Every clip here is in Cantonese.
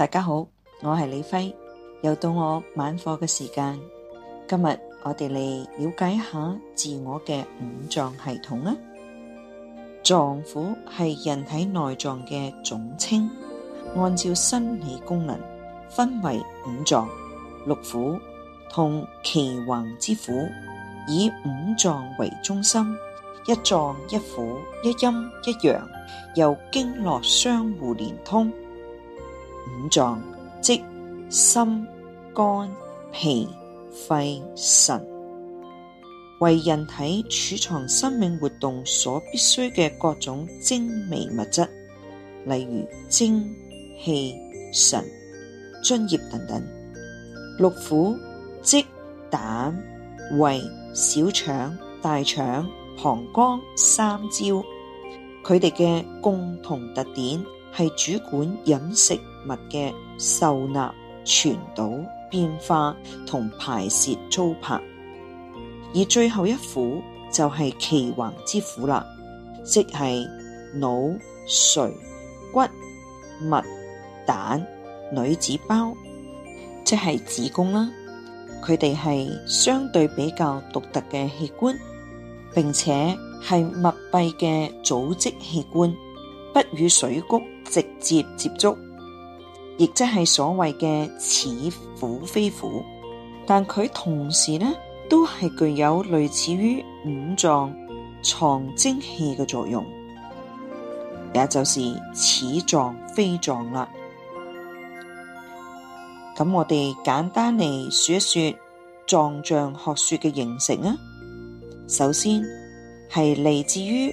大家好，我係李輝，又到我晚課嘅時間。今日我哋嚟了解一下自我嘅五臟系統啊。臟腑係人體內臟嘅總稱，按照生理功能分為五臟、六腑同奇恒之腑。以五臟為中心，一臟一腑一陰一陽，由經絡相互連通。五臟即心、肝、脾、肺、腎，為人體儲藏生命活動所必須嘅各種精微物質，例如精、氣、神、津液等等。六腑即膽、胃、小腸、大腸、膀胱、三焦，佢哋嘅共同特點，係主管飲食物嘅受納、傳導、變化同排泄糟粕，而最後一腑就係奇恆之腑啦，即係腦髓、骨、脈、膽、女子胞，即係子宮啦。佢哋係相對比較獨特嘅器官，並且係密閉嘅組織器官。不與水谷直接接觸，亦即係所謂嘅似腑非腑，但佢同時呢都係具有類似於五臟藏精氣嘅作用，也就是似臟非臟啦。咁我哋簡單嚟說一說藏象學說嘅形成啊，首先係嚟自於。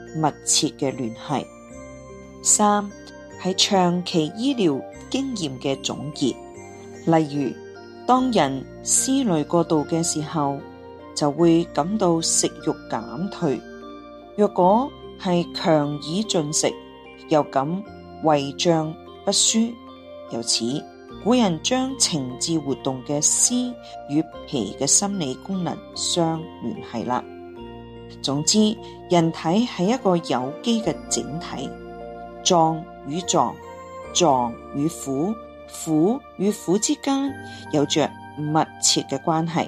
密切嘅聯繫，三係長期醫療經驗嘅總結。例如，當人思慮過度嘅時候，就會感到食欲減退。若果係強以進食，又感胃脹不舒，由此古人將情志活動嘅思與脾嘅心理功能相聯繫啦。總之，人體係一個有機嘅整體，臟與臟、臟與腑、腑與腑之間有着密切嘅關係。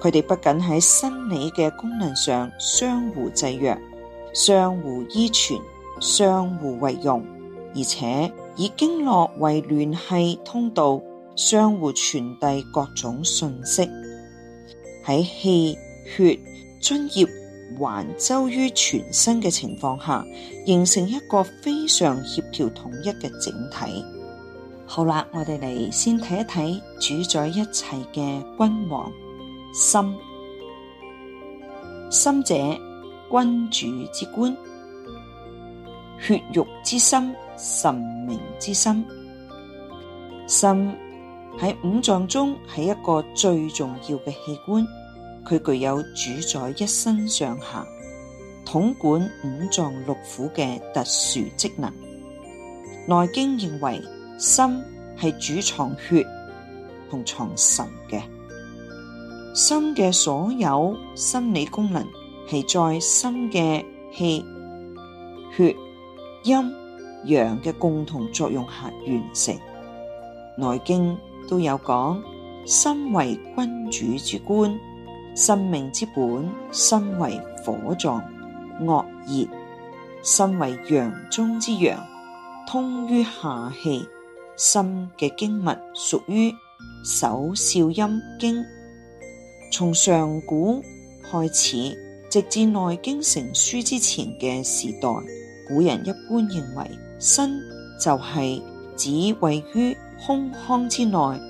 佢哋不僅喺生理嘅功能上相互制約、相互依存、相互為用，而且以經絡為聯繫通道，相互傳遞各種信息，喺氣血。津液環周於全身嘅情況下，形成一個非常協調統一嘅整體。好啦，我哋嚟先睇一睇主宰一切嘅君王心。心者，君主之官，血肉之心，神明之心。心喺五臟中係一個最重要嘅器官。佢具有主宰一身上下、統管五臟六腑嘅特殊職能。《內經》認為心係主藏血同藏神嘅。心嘅所有心理功能係在心嘅氣血陰陽嘅共同作用下完成。《內經》都有講心為君主之官。生命之本，心為火臟，惡熱；心為陽中之陽，通於下氣。心嘅經脈屬於手少陰經。從上古開始，直至內經成書之前嘅時代，古人一般認為，心就係指位於胸腔之內。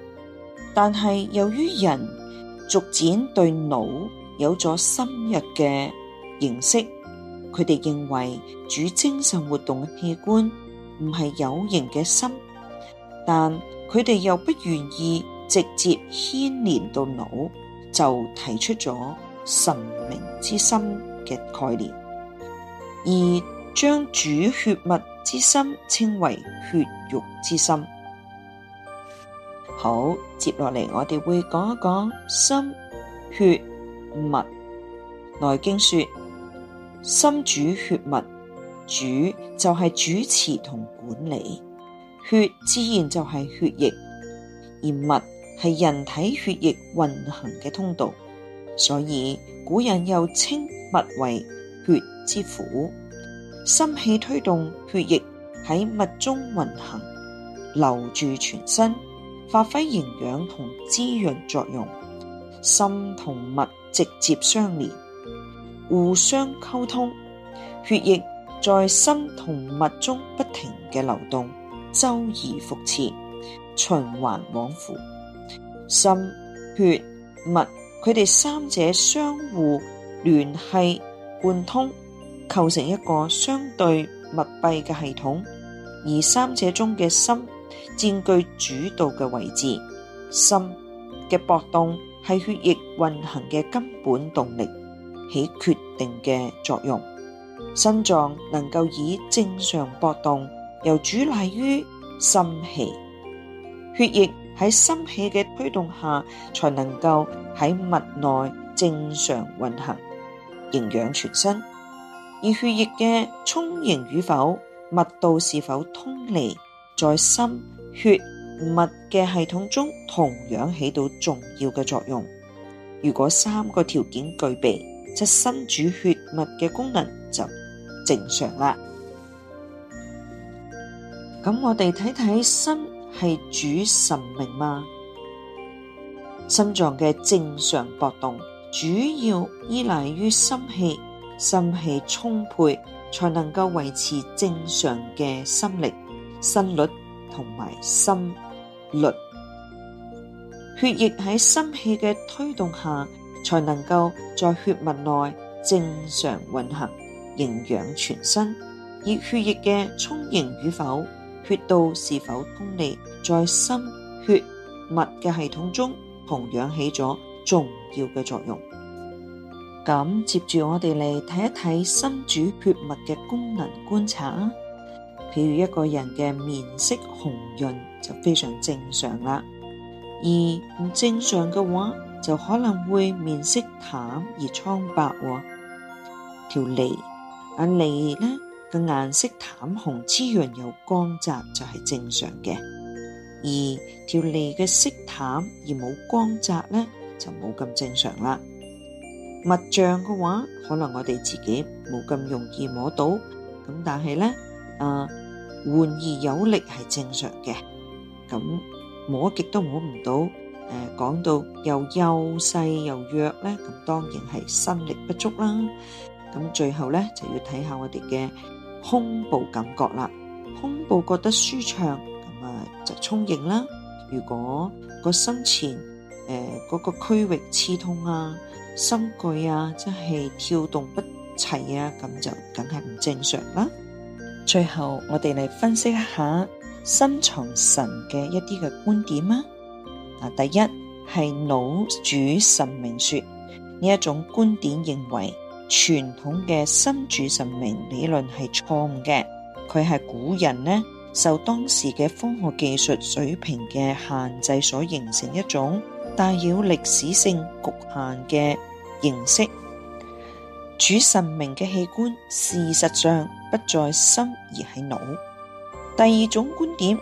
但係由於人逐漸對腦有咗深入嘅認識，佢哋認為主精神活動嘅器官唔係有形嘅心，但佢哋又不願意直接牽連到腦，就提出咗神明之心嘅概念，而將主血脈之心稱為血肉之心。好，接落嚟我哋會講一講心血脈。內經說，心主血脈，主就係主持同管理。血自然就係血液，而脈係人體血液運行嘅通道，所以古人又稱脈為血之府。心氣推動血液喺脈中運行，流注全身。發揮營養同滋潤作用，心同脈直接相連，互相溝通，血液在心同脈中不停嘅流動，周而復始，循環往復。心、血、脈，佢哋三者相互聯繫、貫通，構成一個相對密閉嘅系統，而三者中嘅心，佔據主導嘅位置，心嘅搏動係血液運行嘅根本動力，起決定嘅作用。心臟能夠以正常搏動，又主賴於心氣，血液喺心氣嘅推動下，才能夠喺脈內正常運行，營養全身。而血液嘅充盈與否，脈道是否通利，在心血脈嘅系統中，同樣起到重要嘅作用。如果三個條件具備，則心主血脈嘅功能就正常啦。咁我哋睇睇心係主神明嗎？心臟嘅正常搏動主要依賴於心氣，心氣充沛才能夠維持正常嘅心力。心率同埋心率，血液喺心氣嘅推動下，才能夠在血脈內正常運行，營養全身。而血液嘅充盈與否，血道是否通利，在心血脈嘅系統中同樣起咗重要嘅作用。咁接住我哋嚟睇一睇心主血脈嘅功能觀察譬如一個人嘅面色紅潤就非常正常啦，而唔正常嘅話就可能會面色淡而蒼白。條脷眼脷呢個顏色淡紅、滋潤又光澤就係正常嘅，而條脷嘅色淡而冇光澤呢就冇咁正常啦。物像嘅話，可能我哋自己冇咁容易摸到，咁但係呢。啊，緩而有力係正常嘅，咁摸極都摸唔到，誒，講到又幼細又弱咧，咁當然係心力不足啦。咁最後咧，就要睇下我哋嘅胸部感覺啦，胸部覺得舒暢，咁啊就充盈啦。如果個心前誒嗰個區域刺痛啊、心悸啊，即係跳動不齊啊，咁就梗係唔正常啦。最後，我哋嚟分析一下心藏神嘅一啲嘅觀點啊。第一係腦主神明說，呢一種觀點認為，傳統嘅心主神明理論係錯誤嘅。佢係古人呢，受當時嘅科學技術水平嘅限制所形成一種帶繞歷史性局限嘅形式。主神明嘅器官，事實上，不在心而係腦。第二種觀點，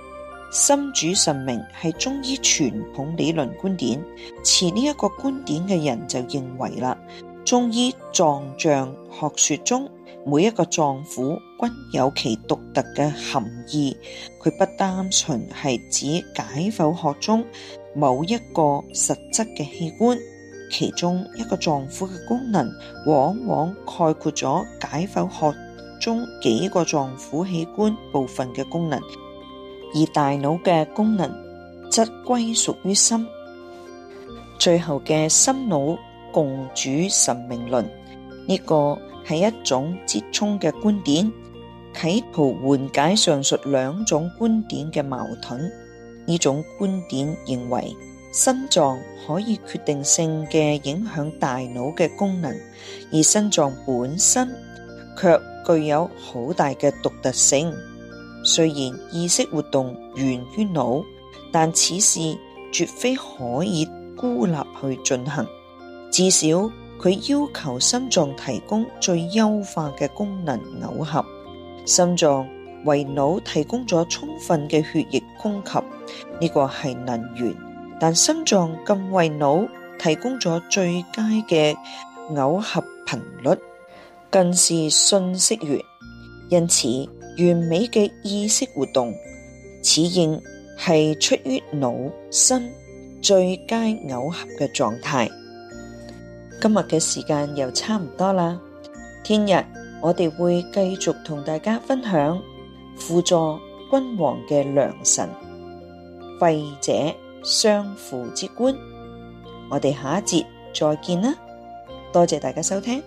心主神明係中醫傳統理論觀點。持呢一個觀點嘅人就認為啦，中醫藏象學說中每一個臟腑均有其獨特嘅含義，佢不單純係指解剖學中某一個實質嘅器官。其中一個臟腑嘅功能，往往概括咗解剖學。中幾個臟腑器官部分嘅功能，而大腦嘅功能則歸屬於心。最後嘅心腦共主神明論呢個係一種折衷嘅觀點，企圖緩解上述兩種觀點嘅矛盾。呢種觀點認為心臟可以決定性嘅影響大腦嘅功能，而心臟本身。卻具有好大嘅獨特性。雖然意識活動源於腦，但此事絕非可以孤立去進行。至少佢要求心臟提供最優化嘅功能耦合。心臟為腦提供咗充分嘅血液供給，呢、呢個係能源。但心臟更為腦提供咗最佳嘅耦合頻率。更是信息源，因此完美嘅意識活動，此應係出於腦心最佳耦合嘅狀態。今日嘅時間又差唔多啦，聽日我哋會繼續同大家分享輔助君王嘅良臣，肺者，相傅之官。我哋下一節再見啦，多謝大家收聽。